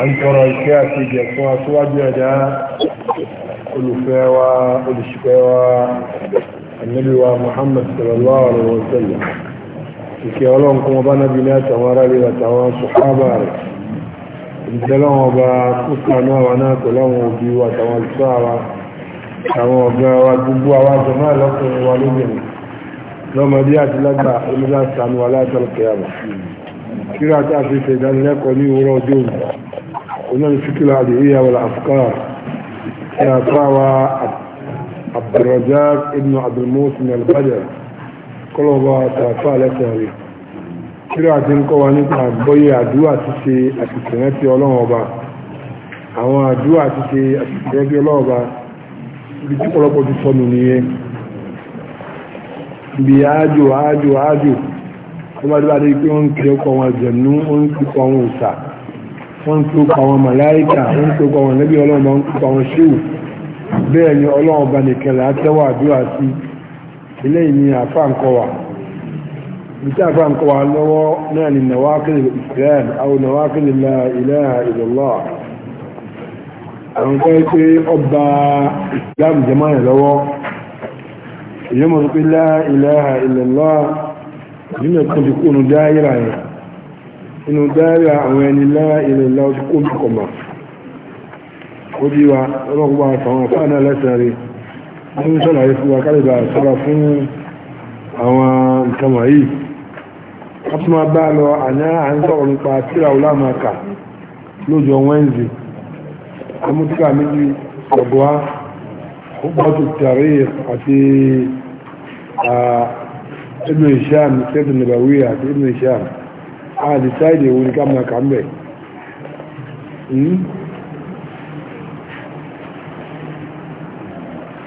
àǹtọ̀rọ̀ ìfẹ́ àti ìjẹ̀ fún aṣíwájú ẹ̀dá olùfẹ́ wa olùṣìfẹ́ wa annabi wa muhammad sallallahu alaihi wa sallam ìkẹ́ ọlọ́run kún ọba nábi ní àtàwọn ará rí àtàwọn sùhábà rẹ̀ ìjẹ́lọ́wọ́n ọba kúta náà wà náà pẹ̀lú àwọn òbí wa àtàwọn ìṣọ́ àwa àwọn ọ̀gá wa gbogbo àwọn àjọ náà lọ́kùnrin wa lóbìnrin lọ́mọdé àti lágbà olùdásánú aláìsàn kẹyàmù kíra tá a fi ṣèdánilẹ́kọ̀ọ́ ní ìwúrọ̀ ọjọ́ òní ونحن الفكر العدوية والأفكار يا طاوى عبد الرزاق ابن عبد الموسم البدر كلها تعفى لسهري kíra àti ń kọ́ wa nípa àgbọ́yé àdúrà ti ṣe àtìsẹ̀rẹ́ tí ọlọ́run ọba àwọn àdúrà ti ṣe àtìsẹ̀rẹ́ tí ọlọ́run ọba ibi tí pọ̀lọpọ̀ ti sọnù nìyẹn ibi ájò ájò ájò ọmọdé bá dé pé wọ́n ń kí ọkọ̀ wọn jẹ̀nú ó ń kíkọ àwọn òòsà wọ́n tó kọ àwọn màláìkà wọ́n tó kọ àwọn lẹ́bí ọlọ́run wọ́n tó kọ àwọn ṣíwù bẹ́ẹ̀ ni ọlọ́run bá nìkẹ̀lẹ̀ àtẹ́wà àdúrà sí ilé ìní àfáǹkọwà bíta àfáǹkọwà lọ́wọ́ náà ni nawakil islam àwọn nawakil la ilaha illallah àwọn kọ́ pé ọba islam jama'a lọ́wọ́ èyí mọ̀ pé la ilaha illallah inú dárí àwọn ẹni lára ilẹ̀ ìlà ojú kó bí kọ̀mà ó bí wa ọlọ́gbà àtàwọn àfáà náà lẹ́sẹ̀ rí wọ́n sọ́làyé fún wa kálíbà sọ́ra fún àwọn nǹkan wọ̀nyí a tún máa bá lọ àná à ń sọ̀rọ̀ nípa tíra olámàkà lójọ wẹ́ǹsì amútíkà méjì ọ̀gbọ́á ó tó tàrí àti ibn isham sẹ́dùn nàbàwíyà àti ibn isham a decide ewu ní ká máa kà ń bẹ̀ hmm?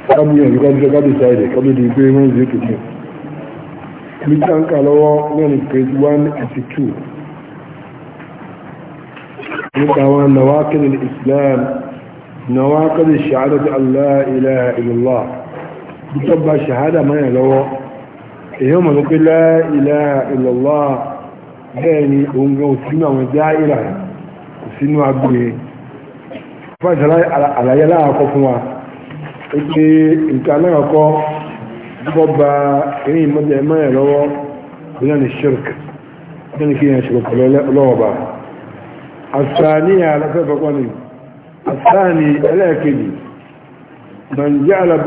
kábíyàn ní kábíyàn ká decide kábíyàn di pé wọ́n zé tuntun ní táǹkà lọ́wọ́ náà ní page 182 nípa àwọn nawakilin islam nawakilin shahadatu allah ilaha illallah bí tó bá shahada mọ́yàn lọ́wọ́ èyí mọ̀ ní pé la ilaha illallah bẹ́ẹ̀ ni òun gan òsínú àwọn ẹgbẹ́ àìrà òsínú agbóye fún ìṣẹ̀lẹ̀ àlàyé láàkọ́ fún wa pé nǹkan aláàkọ́ bọ́ ba eré ìmọ̀jẹ̀ mẹ́rin lọ́wọ́ bóyá ní shirk bóyá ní kí yẹn ṣòro pẹ̀lú ọlọ́wọ́ba àṣàníyà aláfẹ́fẹ́kọ́ àṣàní ẹlẹ́ẹ̀kejì من ìjẹ́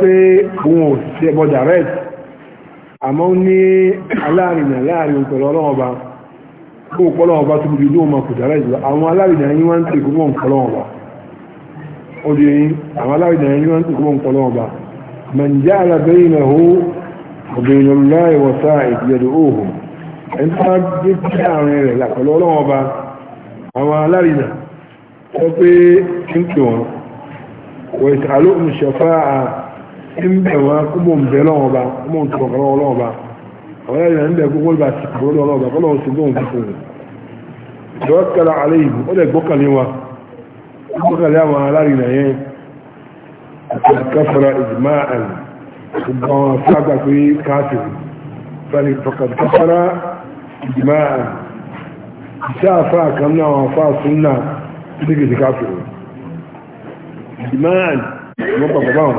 pé òun ò ṣe ẹbọ direct àmọ́ ní alárinà láàrin pẹ̀lú ọlọ́ọ̀ba kó pọ́lọ́ọ̀ba tó bí ní ọmọ kùtàrà ìjọba àwọn alárinà yín wọ́n ń tèkú mọ́ pọ́lọ́ọ̀ba ọdí yìí àwọn alárinà yín wọ́n ń tèkú mọ́ pọ́lọ́ọ̀ba mẹ̀njá alábẹ́yìn náà hó ọ̀bẹ̀yìn láì wọ̀sá ìdíyẹ̀dọ̀ òhù ẹni tó bá dé kí àárín rẹ̀ ń bẹ̀ wá kó mò ń bẹ̀ lọ́wọ́ ba kó mò ń tọrọ kọ́ lọ́wọ́ lọ́wọ́ ba àwọn ẹ̀yà ń bẹ̀ kó wọ́n bá ti kọ́ lọ́wọ́ ba kó lọ́wọ́ sí bóun fún un ìjọba kẹlẹ alẹ́ yìí ó lè gbọ́kànlé wa gbọ́kànlé àwọn alárinà yẹn àti àkẹ́fọ́ra ìjìmá àlè gbogbo àwọn afáàgbà pé káàkiri fani fọkàtàfọ́ra na àlè iṣẹ́ afáà kan náà àwọn afáà sún náà ní kìí káàkiri ìjìmá àlè wọ́n pàpàpà wọn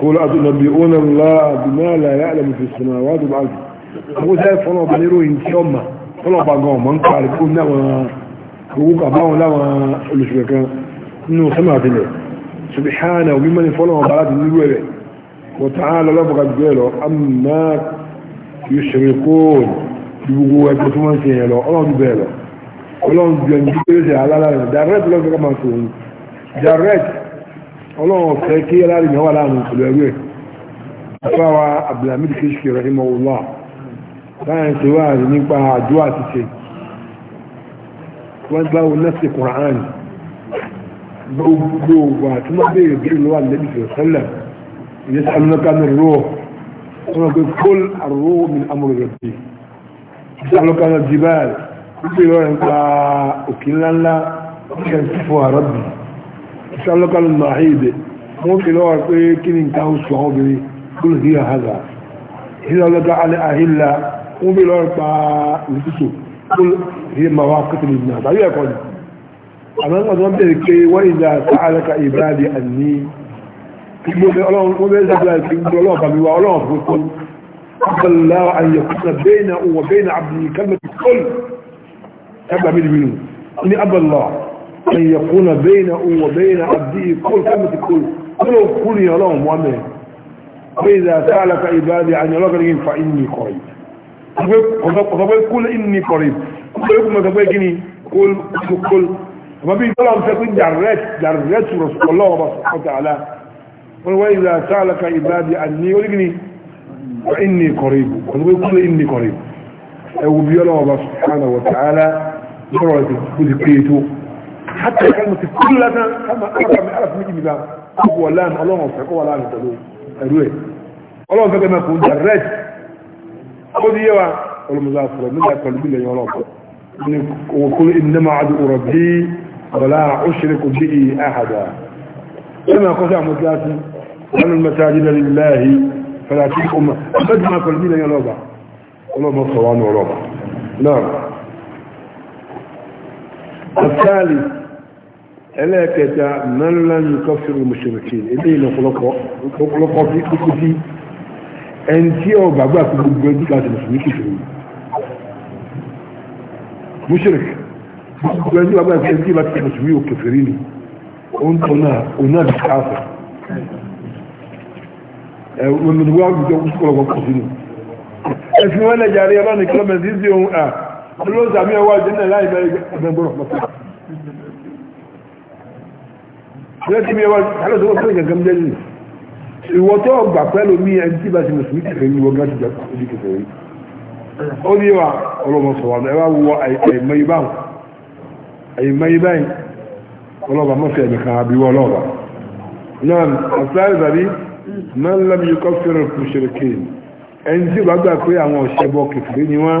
قول أتنبئون الله بما لا يعلم في السماوات والأرض أقول ذلك فلو بنيرو إن شاء الله فلو بقوا من قال كنا وقوق أباهم لما الشبكة إنه سمعت له سبحانه وممن فلو بلاد النبوة وتعالى لفقا بيلو أما يشركون يبقوا يبقوا سيلو الله بيلو الله بيلو الله بيلو الله بيلو direct ọlọ́run fẹ́ kí aláàrin yẹn wà láàrin pẹ̀lú ẹrú ẹ̀ afáwa abdulhamid kishki rahimahullah láàrin tí wà rí nípa àdúrà títẹ wọ́n gbá wọn nẹ́sì kùrán gbogbo wà tí wọ́n béèrè bí lọ́wọ́ lẹ́bí fẹ́ sẹ́lẹ̀ ìyẹn sàmì náà kánú rọ wọ́n gbé kól àrò mi amúrò rẹ̀ bí sàmì náà kánú jibal wọ́n gbé lọ́rẹ̀ nípa òkè ńláńlá wọ́n kẹ́ كان لقال المعيدة موت إلوه أرقية كنين كاو صعوبي كل هي هذا إذا لقى على أهلا قوم إلوه أرقى نفسه كل هي مواقف للناس أيها قول أنا أظن بركي وإذا سألك إبادي أني كيف يقول الله كيف يقول الله كيف يقول الله كيف يقول قبل الله أن يكون بينه وبين عبده كلمة كل أبا من منه أني أبا الله أن يكون بينه وبين عبده كل كلمة كل ولو كل يا يلوم ومن فإذا سألك عبادي عن رجل فإني قريب وتقول كل إني قريب ويقول ما إني كني قل قل ما بين كلام تكون جرات جرات رسول الله سبحانه وتعالى وإذا سألك عبادي عني ولقني فإني قريب وتقول كل إني قريب وبيقول الله سبحانه وتعالى يقول لك حتى في كل لنا كما أرى من ألف مئة مليون أقوى ولا الله أوفق أقوى أنا تلو أروي الله أوفق ما كنت الرج خذ يوا مزافر من أكل بالله يا رب وقل إنما عدو ربي ولا أشرك به أحدا كما قطع مزافر أن المساجد لله فلا تلك أمة أبد ما قل بالله يا رب اللهم يا رب نعم الثالث ألا كتا من لم يكفر المشركين إليه نقلقه نقلقه في كتفي أنتي أو بابا في الجنة كانت مسلمين كفرين مشرك الجنة بابا في الجنة كانت مسلمين وكفرين وانت هنا هنا بتحافر ومن الواقع يقول لك وقفين اسمه أنا جاري أنا كلمة زيزي وهم آه olóòzà mi ọwọ́ ìjẹ́nà láì mẹ́rin ẹgbẹ̀gbọ́rọ̀ mọ́sí lẹ́tí mi ọwọ́ alọ́sọ́wọ́ fún ìgẹ̀gẹ̀ mẹ́rin ìwọ tó gbà pẹ́lú mi ẹni tí bá ti mùsùlùmí kẹfẹ́ ní wọ́n gáàsì jẹ́pà ojú kẹfẹ́ rí ó ní wa ọlọ́mọsọ̀wọ́ ẹ wá wọ àìmọye báyìí ọlọ́ba mọ́sẹ̀ ẹ̀mí kan àbí wọ́n ọlọ́ba náà àtúráì tàbí máa ń lámì yóò kọ́ ẹni tí bá gbà pé àwọn ọ̀ṣẹ́bọ kẹfẹ́ ni wọ́n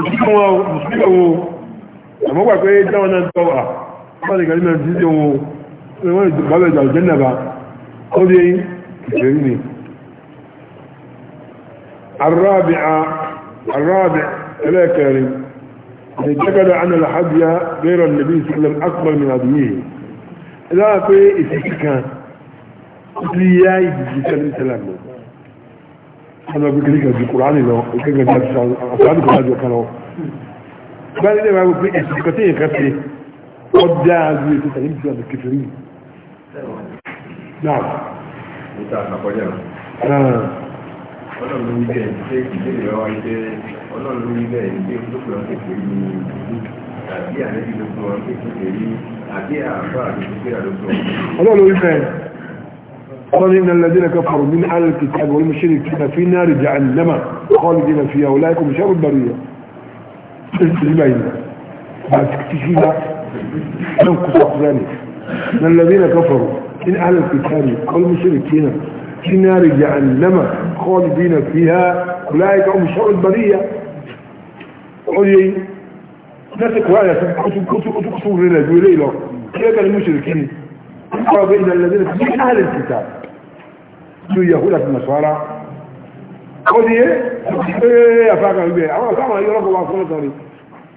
òṣìṣẹ́ wọn mùsùlùmí wọn àmọ́ wà pé dáwọn náà tọ́ wà wọ́n lè kàrí mẹ́rin títí wọn wọ́n lè bá bẹ̀rẹ̀ jàù jẹ́nà bá ó dé kìfẹ́ ní الرابع الكريم اعتقد أن الحج غير النبي صلى الله عليه وسلم أكبر من هديه إذا في إسكان ليا يجي سلم سلام wọ́n lọ gbé kiri kan ju kuraani lọ ìkẹ́gbẹ́ ní àti àkùránì kan lájọ kan lọ. bá nílé wa wípé ẹ̀sìn kan tí yẹn kan ṣe ó dáa ju ètò tàbí ìtura ní kẹfìrí. náà. níta àkọjá ọlọ́run ló ń bẹ̀ ẹ́ ṣé ìbéèrè wa wáyé pé ọlọ́run ló ń bẹ̀ ẹ́ ṣé olókùn kékeré ní ìlú tàbí àlejò lókun ọ̀hún kékeré àbí àbá àlejò kékeré lókun ọlọ́run ló ń قال إن الذين كفروا من أهل الكتاب والمشركين في نار جهنم خالدين فيها أولئك هم شر البرية من الذين كفروا من أهل الكتاب والمشركين في نار جهنم خالدين فيها أولئك هم شر البرية قولي نسك وآية كتب كتب كتب كتب لنا جولي له كيف المشركين اقرأ بإن الذين في أهل الكتاب سو يهودة النصارى قولي ايه افاقا بيه اما سامع يرق الله صلى الله عليه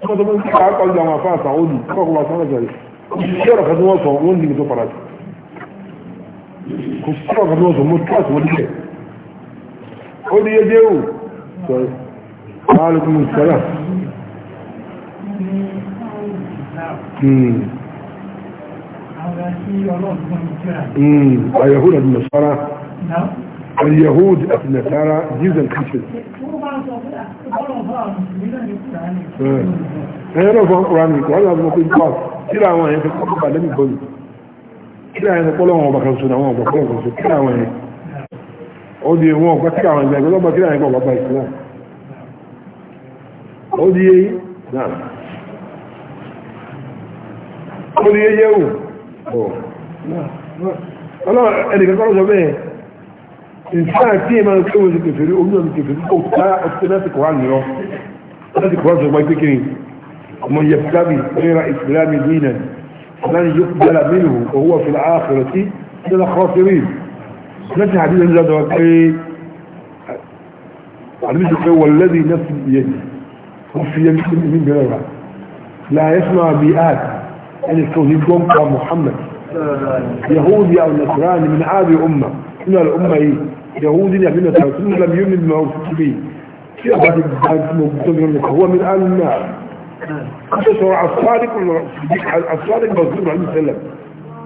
ثم تقول كيف عقل جمع فاسا عودي رق الله صلى الله عليه كسيرا قد نوصا وندي بتو فرات كسيرا قد نوصا متواس وليه قولي يجيو وعليكم السلام امم اليهود النصارى اليهود النصارى كثير لا انا قلت له ايه انسان تيما يكون ذلك الفريق ومن ذلك الفريق وقتا اتناتك وعني لو اتناتك وعني ما يفكري من يفكري غير اسلام دينا لن يقبل منه وهو في الاخرة من الخاسرين نفس الحديث انزاد وقعيه على مجد هو الذي نفس بيده وفي يمشي من بلغة لا يسمع بيئات أن الكوهيكم قام محمد يهودي أو نصراني من هذه الأمة من الأمة هي يهودي يعني نصراني لم يؤمن بما أرسلت به هو من آل النار اقتصر الصادق الصادق مصدوم عليه السلام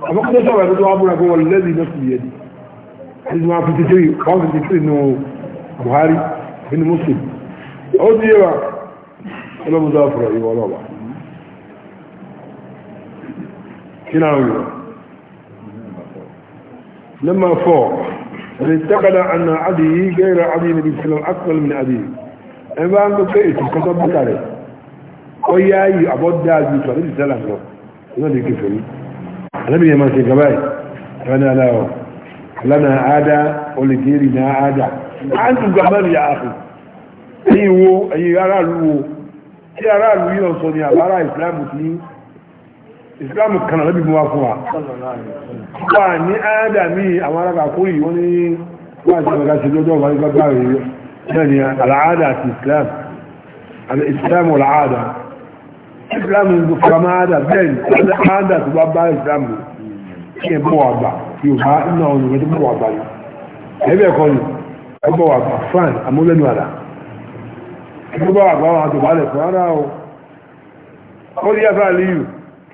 أما اقتصر يقول أبونا هو الذي نفسي بيدي حديث ما في تجري قام في تجري إنه بخاري بن مسلم أودي يا أنا مضافر أيوة الله sínú àwọn olùwà number four ẹni tẹ́kọ̀dá àna adì yìí gẹ́rẹ́ adì níbi sílọ akọ̀lù ní adì ẹ bá ń gbé ètò kọ́tọ́ bọ́tà rẹ̀ ó yá yìí àbọ̀dá ju tọ́ níbi sẹ́là lọ iná lè kéfè ní alábi yẹn máa ṣe gaba yìí rani aláwọ̀ lana ada olùgérì na ada a ń tún gbàgbọ́ ní ààfin wo ẹ̀yin aráàlú wo tí aráàlú yìí lọ sọ ní àbára ìsìlámù ti islam kan lọ́bí mú wa ni wa wà ní ádámì àwọn arábà kúrì wọ́n ní wà islam islam ń bú islam kí ẹ bọ́ àgbà tí ó bá iná ọ̀nà rẹ̀ tó bọ́ àgbà yìí ẹgbẹ́ ẹ̀kọ́ ni ẹ bọ́ àgbà fran amúlẹ́nu àdá ẹgbẹ́ bọ́ àgbà wọn ara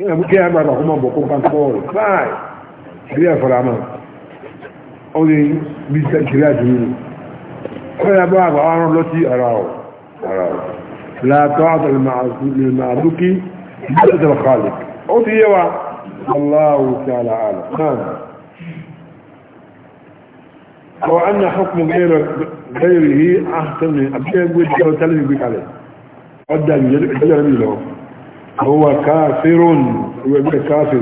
kíyàn bí kíyàn gbàgbà kó mọ̀ bọ̀ kó pàtó bọ́ọ̀lù báyìí bí ẹ̀ fọ́ra mọ̀ ó lè bí sẹ́kìrì àdúrú ọ̀rẹ́ yà bá àgbà wọn lọ sí ara ọ̀ ara ọ̀ látọ́ àtàlùmàdúkí ìjọ́sẹ̀lẹ̀ khalid ó ti yé wa Allahu ta'ala ala náà kọ̀ anna hukumu gẹ́rẹ̀ yìí ahsan ni àbíkẹ́ gbé jẹ́ tẹ́lẹ̀ gbé kalẹ̀ ọ̀dà ìjọ́rẹ̀ mi lọ هو كافر هو كافر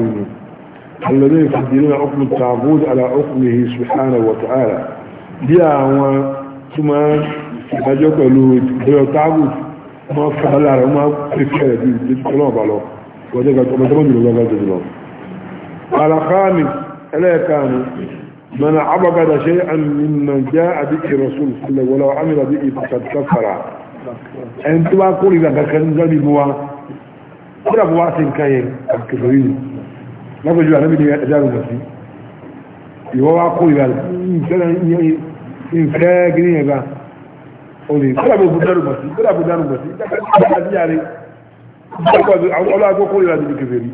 الذين يتحدلون عقم التعبود على عقمه سبحانه وتعالى بيا هو ثم يجب أن يكون تعبود ما أفكر الله رأي أفكر دي تلوم بعلو وذلك ما تمني لو ذلك تلوم قال خامس ألا كان من عبد شيئا مما جاء بك رسول الله ولو عمل به فقد كفر أنت ما أقول إذا كان ذلك kódà bó wá sí nǹkan yẹn àkèlò yìí lágbèjú àlẹ́bí ni ẹja rẹ̀ lọ sí ìwọ́ wá kó ìwà ìfẹ́ gírí yẹn bá olè kódà bó bó dárúgbọ̀ sí kódà bó dárúgbọ̀ sí ọlọ́gbọ́ kó ìwà ìdílé kẹfẹ́ rí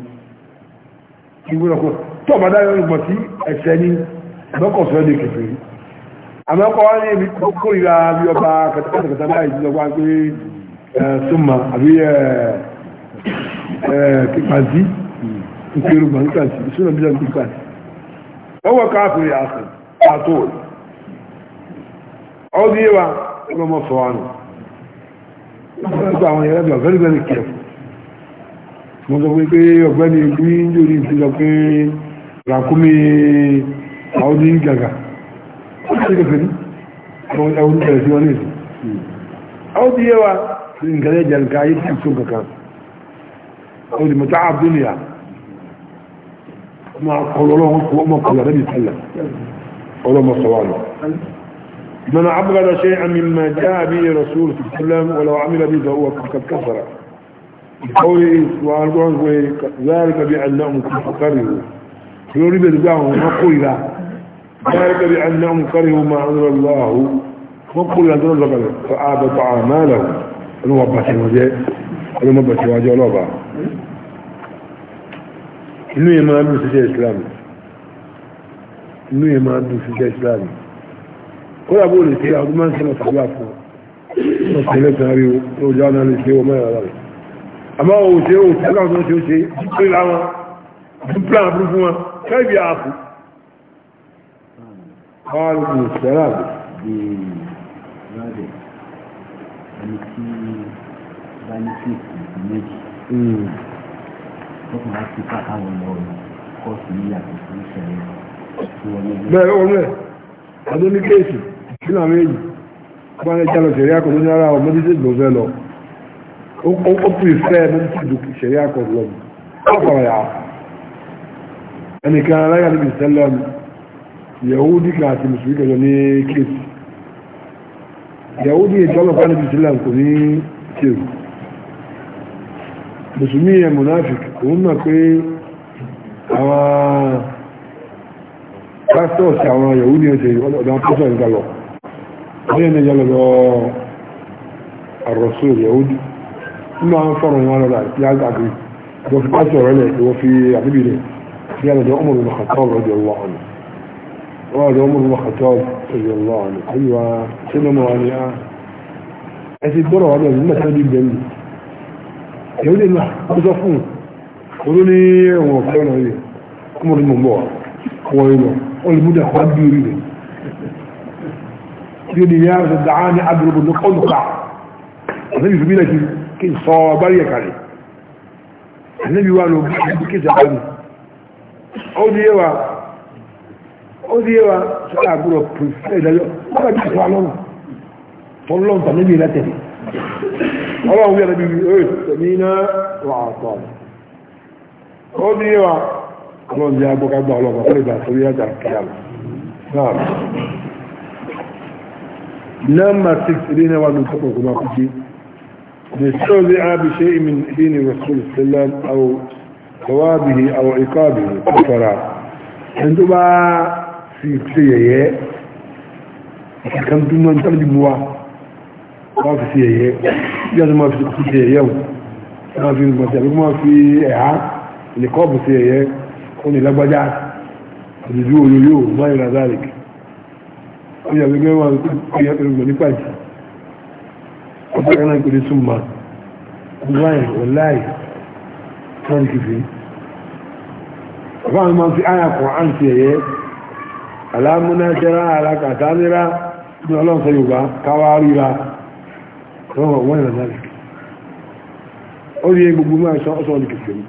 ìwúrọ̀ kó tó ọba dárúgbọ̀ sí ẹ̀sẹ̀ ní ẹ̀bọ́kọ̀sọ́ ìdílé kẹfẹ́ rí àmọ́ kọ́ ní ibi tó kó ìwà bí ọba kẹtàkẹtà báyìí lọ́wọ́ pé súnmọ́ àbí ẹ̀ẹ́ kíkàzí nkérúgbà nkàzí ìṣúná bí i kíkàzí ọwọ́ káàkiri àṣẹ àtò ọdún yíwa ọlọ́mọ sọ wà nù ọgbà àwọn ẹ̀rọ bí very very careful mo sọ pé ọgbẹ́ni ìlú ìjòrí ti sọ pé ràkúnmí àwọn gàgà ó ti kẹfẹ́ ní àwọn ẹ̀rọ ìjòrí ti wọ́n ọdún yíwa nǹkan nǹkan ayé ti sọ kankan أو لمتاع الدنيا ما قول الله هو قول قال صلى الله عليه ما صواله من عبد شيئا مما جاء به رسول صلى الله عليه وسلم ولو عمل به فهو قد كفر بقوله سبحانه ذلك بأنهم كفروا يريد بدعهم وقل ذلك بأنهم كرهوا ما أنزل الله وقل أنزل الله فآبط أعمالهم أنه أبا سواجه أنه أبا سواجه الله inú yẹn máa dùn síṣẹ́ islam inú yẹn máa dùn síṣẹ́ islam kódà bó lè ṣe àwọn máa ń sẹ́nà tàbí àpò ọ̀sẹ̀ lẹ́sàn-án rí ojú àwọn àlè ṣe ọmọ ìrọ̀lá rẹ̀ àmọ́ òun ṣe òun ṣe láwọn ṣe ó ṣe pé láwọn fún plan fún fún wọn kẹ́ẹ̀bì àpò àwọn olùsẹ́rà bí rádẹ̀ ẹni tí bá ní sí ìsìn wọ́n ti máa ń tipa káwọn lọ kọ́ọ̀sì yìí yàtọ̀ sí ìṣẹ̀lẹ̀ bẹ́ẹ̀ ó rẹ̀ ọdún ní kéèsì nínú àwọn èyí wọ́n á lè jalọ ṣẹ̀rí àkọ́dún ní ara ọmọdé tí ìgbọ̀n fẹ́ lọ ó pè fẹ́ mọ́tò tí ìdùkú ṣẹ̀rí àkọ́dún lọ ọ̀pọ̀ yà ẹnìkan alága níbi ìṣẹ̀lẹ̀ yahudi kan àti mùsùlùmí kan lọ ní kéèsì yahudi ìjọba kan níbi ìṣẹ̀lẹ̀ ní kéèsì مسلمين منافق وهم في اوا فاستو سواء يهودي زي ولا ده قصه قالوا هي اللي قالوا الرسول اليهودي ما انفروا ولا لا يا ابي لو في قصه ولا لو لي يا ابو عمر بن الخطاب رضي الله عنه وهذا عمر بن الخطاب رضي الله عنه ايوه سلموا عليه اسيب بره هذا المسجد الجميل èyí lè máa ọjọ́ fún olú ní ẹ̀wọ̀n ọ̀fẹ́ ọ̀nà rẹ̀ ọmọ ní mọ̀ wọ̀ ìlọ olùmúdà wà bí orí rẹ̀ bí ni yá rẹ̀ dáa ní agbègbè ní kọlùkà àtẹ́bí fi bílẹ̀ kí sọ bárí ẹ̀ka rẹ̀ àtẹ́bí wà ló ọlọ́run yẹn níbi ẹ̀ tẹ̀mí náà wà àtọ̀ ó ní wa ọlọ́run yẹn agbọ́kagbà ọlọ́run fún ìgbà tó yẹ jà kíyà náà nọ́mbà 6 ilé náà wà ní ìtọ́pọ̀ kò máa kújí نستوزع بشيء من دين الرسول صلى الله عليه وسلم او ثوابه او عقابه كفر عندما في سيئة كم دون من ترجموا wọ́n fi sí ẹ̀yẹ bí wọ́n ti máa fi kú sí ẹ̀yẹ o wọ́n fi gbọ̀n sí àbíkú máa fi ẹ̀há lè kọ́ọ̀bù sí ẹ̀yẹ ó ní lágbájá àdìdú olóyè o máa yọ lazaric ó yà gbẹgbẹ wọn kó yẹ kẹrù gbọ̀n nípa jì ó bá yẹn náà kò ní súnmọ́ wáyé wọláyé wọ́n ti fi bàbá mi máa fi àyà kan á ń sí ẹ̀yẹ alámúnájẹ́rá alákàtà nira ní ọlọ́sọ yorùbá káwá ríra روى وين ذلك أولي يقول ما أصلا كفري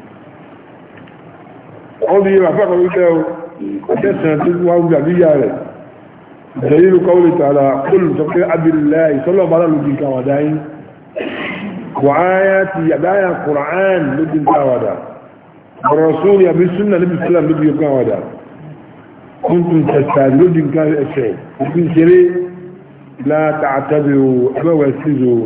أولي يرفق ويقول أتسنى تقوى وجعبية عليه دليل قوله تعالى قل تقول عبد الله صلى الله عليه وسلم كوادين وآيات يبايا القرآن لدين كوادا والرسول يبي السنة نبي صلى الله عليه وسلم كوادا كنتم تستعد لدين كوادا الشيء وكن شري لا تعتبروا أبا ويسيزوا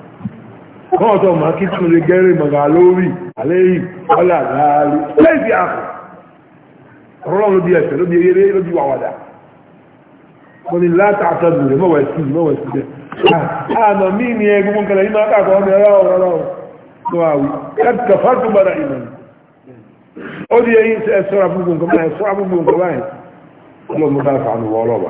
kọ́wọ́ tó máa kí tún lè gẹ́rẹ́ mọ̀gá lórí àléyìí ọlá àdáàlú lẹ́ẹ̀dì àpò ọlọ́run ló bí ẹ̀sẹ̀ ló bí eré ló bí wàwàdà mo ní láta àtọ́dù rẹ̀ mọ̀wẹ̀ sí mọ̀wẹ̀ sí bẹ́ẹ̀ ah, àmà mí ni ẹ gbogbo nǹkan yìí máa kàkọ́ ọmọ ẹ̀rọ ọ̀rọ̀ ọ̀rọ̀ tó àwù kẹ́kẹ́ fásitì gbọ́dọ̀ ìmọ̀ ó di eyín sẹ́ ẹ̀sọ́ra gbogbo nǹkan báyìí ẹ̀sọ́ra gbogbo nǹkan báyìí ọlọ́run mọ́ta fàánù wọ́ ọlọ́ba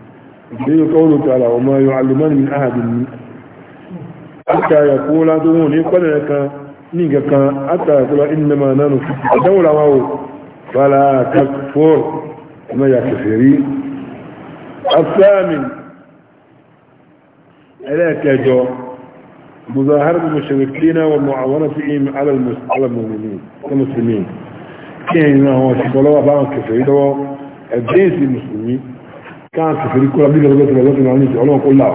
دليل قوله تعالى وما يعلمان من أحد حتى يقول دوني قد لك نيجا حتى يقول إنما نحن دولة وهو فلا تكفر ما يا كفرين الثامن ألا تجو مظاهرة المشركين والمعاونة فيهم على المسلمين المسلمين كان هو في بلوى بعض الكفرين الجنس المسلمين káwọn kìfèrí kó lábí lọ́gbẹ́tìlẹ̀ lọ́gbẹ́tìlẹ̀ àwọn ìṣẹ́ ọlọ́pọ̀ láà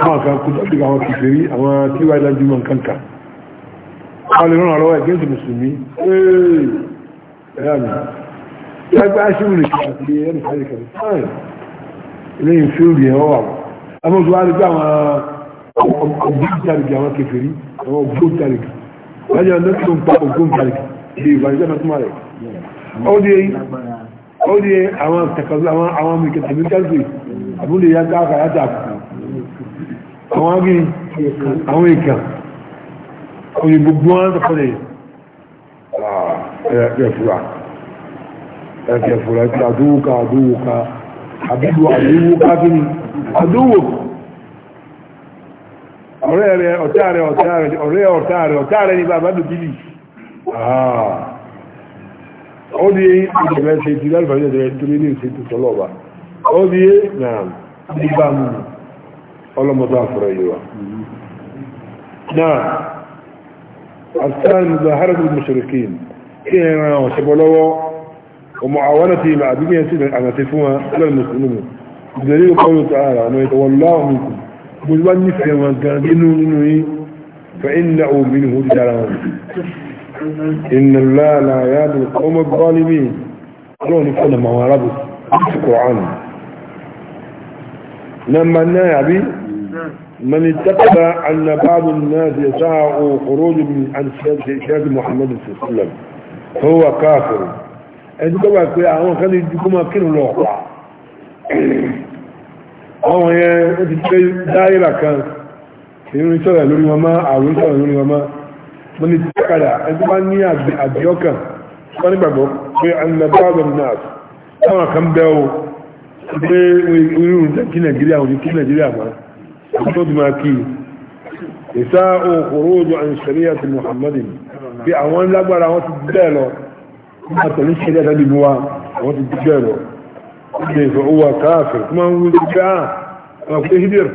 káwọn kan kú tọ́jú àwọn kìfèrí àwọn tí wáyé lájú mọ́ nǹkankan káwọn lè rán àlọ́wọ́ ẹ̀gẹ́sì mùsùlùmí ẹ̀yà mi yàgbá aṣíwò lè kí àti ẹni sáré kẹrì fáìn lẹ́yìn fíìlì ẹ̀ wà àwọn tó wá rí pé àwọn ògbóǹtarìgì àwọn kìfèrí àwọn ògbóǹtarìgì wájú ọdún tó ń pa ògbóǹtarìgì bí ìbànújẹ́ ó ní àwọn tẹ̀kọ̀lú àwọn amìkẹ̀tẹ̀mìkẹ́sì àbúlé ya káàkà látà àwọn agí àwọn ìkà òní gbogbo wọn tọ́kọ̀lẹ̀ ẹ̀fúra ẹ̀fúra tí àdúwòká àdúwòká àbíbò àdúwòká kí ni àdúwò ọ̀rẹ́ rẹ̀ ọ̀tá rẹ̀ ọ̀tá rẹ̀ ọ̀tá rẹ̀ ní bàbá dùkílì àà ah. ó di ìgbẹ̀rẹ̀ ṣe ti lálùfàájú ẹ̀dẹ̀rẹ̀ nítorí ní ìṣe tó tọ́lọ̀ ọba ó di náà nígbà mú ọlọ́mọdé àfọ̀rọ̀ yìí wa náà àtàn zaharatu mushrikin kí ẹ ran ọ̀ṣẹ́bọ lọ́wọ́ ọmọ àwọn àti ìmọ̀ àbíkẹ́ sí ànàtí fún wa lọ́nà mùsùlùmí ìdẹ̀rí ìkọlù tààrà ọmọ ìtawọ̀láwọ̀ mìkù mo bá nífẹ̀ẹ́ wọn gan nínú nínú yìí fa inna òmìnir إن الله لا يهدي القوم الظالمين قالوا نكون ما ورد في القرآن لما نايا بي من اتقى أن بعض الناس يسعوا خروج من عن سياسة محمد صلى الله عليه وسلم هو كافر ẹni tó wà pé àwọn kan lè dúkú أو kírùn lọ ọ̀pá àwọn yẹn ó ti pé dáírà kan ìrìn sọ̀rọ̀ lórí wọn máa àrùn sọ̀rọ̀ lórí wọn máa mo ní tí kàdà ẹgbẹ́ bá ní àbíọ́kàn wọ́n nígbàgbọ́ pé anabáàbọ̀ náà táwọn kan bẹ́ o pé irú kí nàìjíríà òní kí nàìjíríà mọ́ àkókò tó máa kí ìsá òkúrò ojú àìsàríyà ti muhammadin bí àwọn lágbára wọn ti bẹ́ẹ̀ lọ nígbà tẹ̀lé ṣẹlẹ̀ tàbí mú wa àwọn ti bẹ́ẹ̀ lọ ilé ìfẹ́ owó káàfẹ́ tó máa ń wú pé ah, àwọn akúté hídìr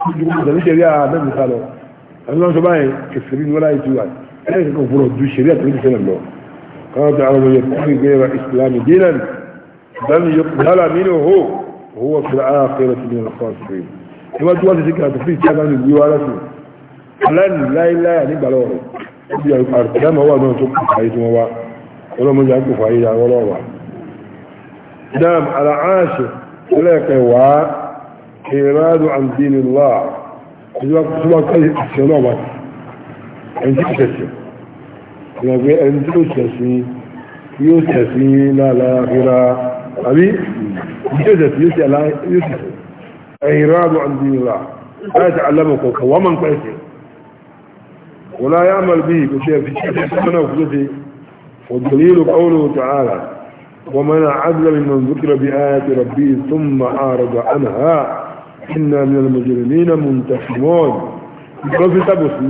tó ju kúrò lọ ọlọ́run tó báyìí kẹsìrì ní wọ́n láyé tiwa ẹ̀rẹ́ kẹ́kọ̀ọ́ fúnra ju ṣeré àtúntò sẹ́lẹ̀ lọ káwọn tó àwọn yẹn kúrò ìgbéra ìsìlámù dínàn bẹ́ẹ̀ni yọkùnlá mi ní hó owó fìlà ara fẹ́rẹ̀ sí ní ọ̀sán ìwájú wá ti sí kàtó fún ìtàkà ní ìwé wa lọ́sùn aláìní láíláí ànígbàlọ́ rẹ̀ ibi àrùkìdámọ̀ wà náà tó kù fàáyé wọ́n wá ọlọ́mọdé àgbò fàáyé àwọn ọlọ́wà الوقت هو قال احسنوا عندي تسليم انا اي راب عند الله لا ولا يعمل به بشيء في شيء سنة وفلسي والدليل قوله تعالى ومن عدل ممن ذكر بآيات ربه ثم أعرض عنها إنا من المجرمين منتقمون ìgbọ́n fi sábò sí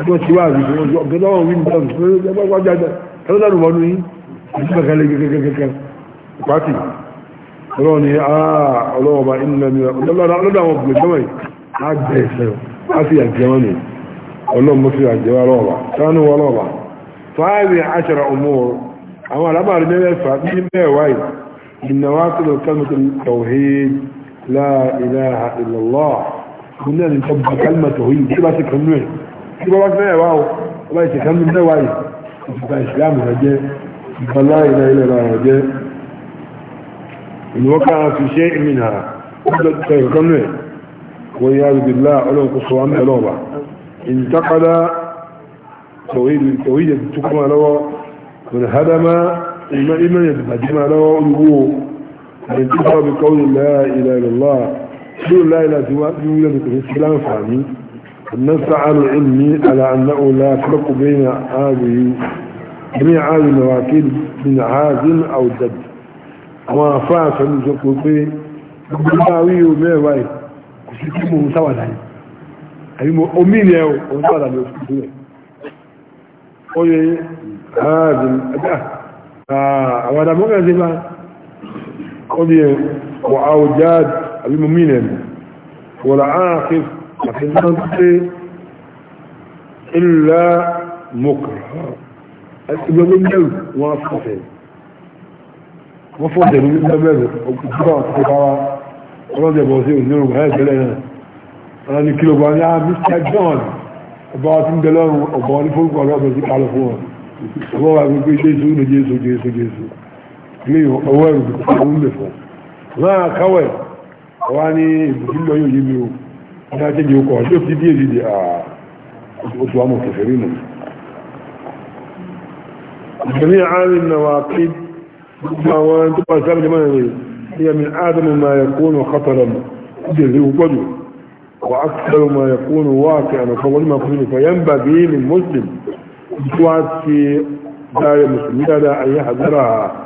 ìgbọ́n tí wà àrùn ọ̀gẹ́dọ́ wọn wíńdà ọ̀gẹ́dọ́ tọ́lọ́dọ̀ wọn ní ìgbàkalẹ̀ gẹ́gẹ́gẹ́gẹ́ pàtì ọlọ́run ni àà ọlọ́ọ̀bá ìnà mìíràn ọlọ́dọ̀ àwọn gbẹ̀gbẹ̀mọ̀ àgbẹ̀ ẹ̀sẹ̀ láti àjẹwọ́n ni ọlọ́mọ sí àjẹwọ́ ọlọ́ọ̀bá sánú ọlọ́ọ̀bá fáàrí àṣàrà ọmọ àwọn alábàárí mẹ́rẹ̀ẹ́fà ní mẹ́ẹ̀wáyì ìnáwá sílẹ̀ kẹ́mìtì tọ̀hìí لا إله إلا الله كنا نتبع كلمة هي كيف تكمل كيف وقتنا يا واو ما يتكمل ده واي يبقى إسلام رجاء يبقى لا إله إلا الله رجاء إن وقع في شيء منها قلت تكمل وإياذ بالله ألوك الصوام ألوبة انتقل توحيد توحيد تكمل له من هدم إما إما يتبدل له يقول الانتفاع بقول لا إله إلا الله قول لا إله سوى يوجد في الإسلام فهمي النص على العلم على أنه لا فرق بين هذه جميع هذه المواكيل من عاد أو دد وما فاس من سقوطي بالباوي وبيواي كسيتي موسوى لهم أي مؤمن يو وصال على الأسكتوية قولي هذا آه ولا مغازبان قضي وعوجاد المؤمنين في لكن إلا مكره الإمام النووي وأصحابه وفضل من الإمام وكبار الصحابة رضي الله عنه نور هذا لنا أنا كيلو بني عم مستعجل أبعتم دلهم أبعتم فوق ولا بزيك على فوق الله يقول جيسو جيسو جيسو جيسو ليه اوان بتقول له لا كوي واني بيقول له يجيبوا لا تجيو كو شوف دي دي دي اه وتوا متفرين جميع عالم النواقيد وان تبقى سامع جمال هي من ادم ما يكون خطرا جزي وقدر واكثر ما يكون واقعا فوق ما يكون فينبغي للمسلم بتوعد في دار المسلمين لا ان يحذرها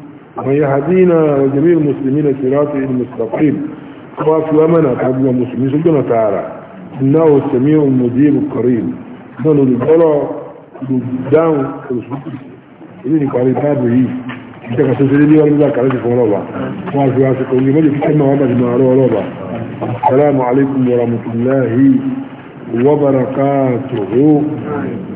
ويهدينا وجميع المسلمين صراط المستقيم وفي لمنا قبل المسلمين سبحانه وتعالى إنه السميع المجيب الكريم نحن نقول داون إذن قال بابه إذا كنت سيدي ولا ذاك على سفر الله وفي واسق ولي مجد كما ومجد ما الله السلام عليكم ورحمة الله وبركاته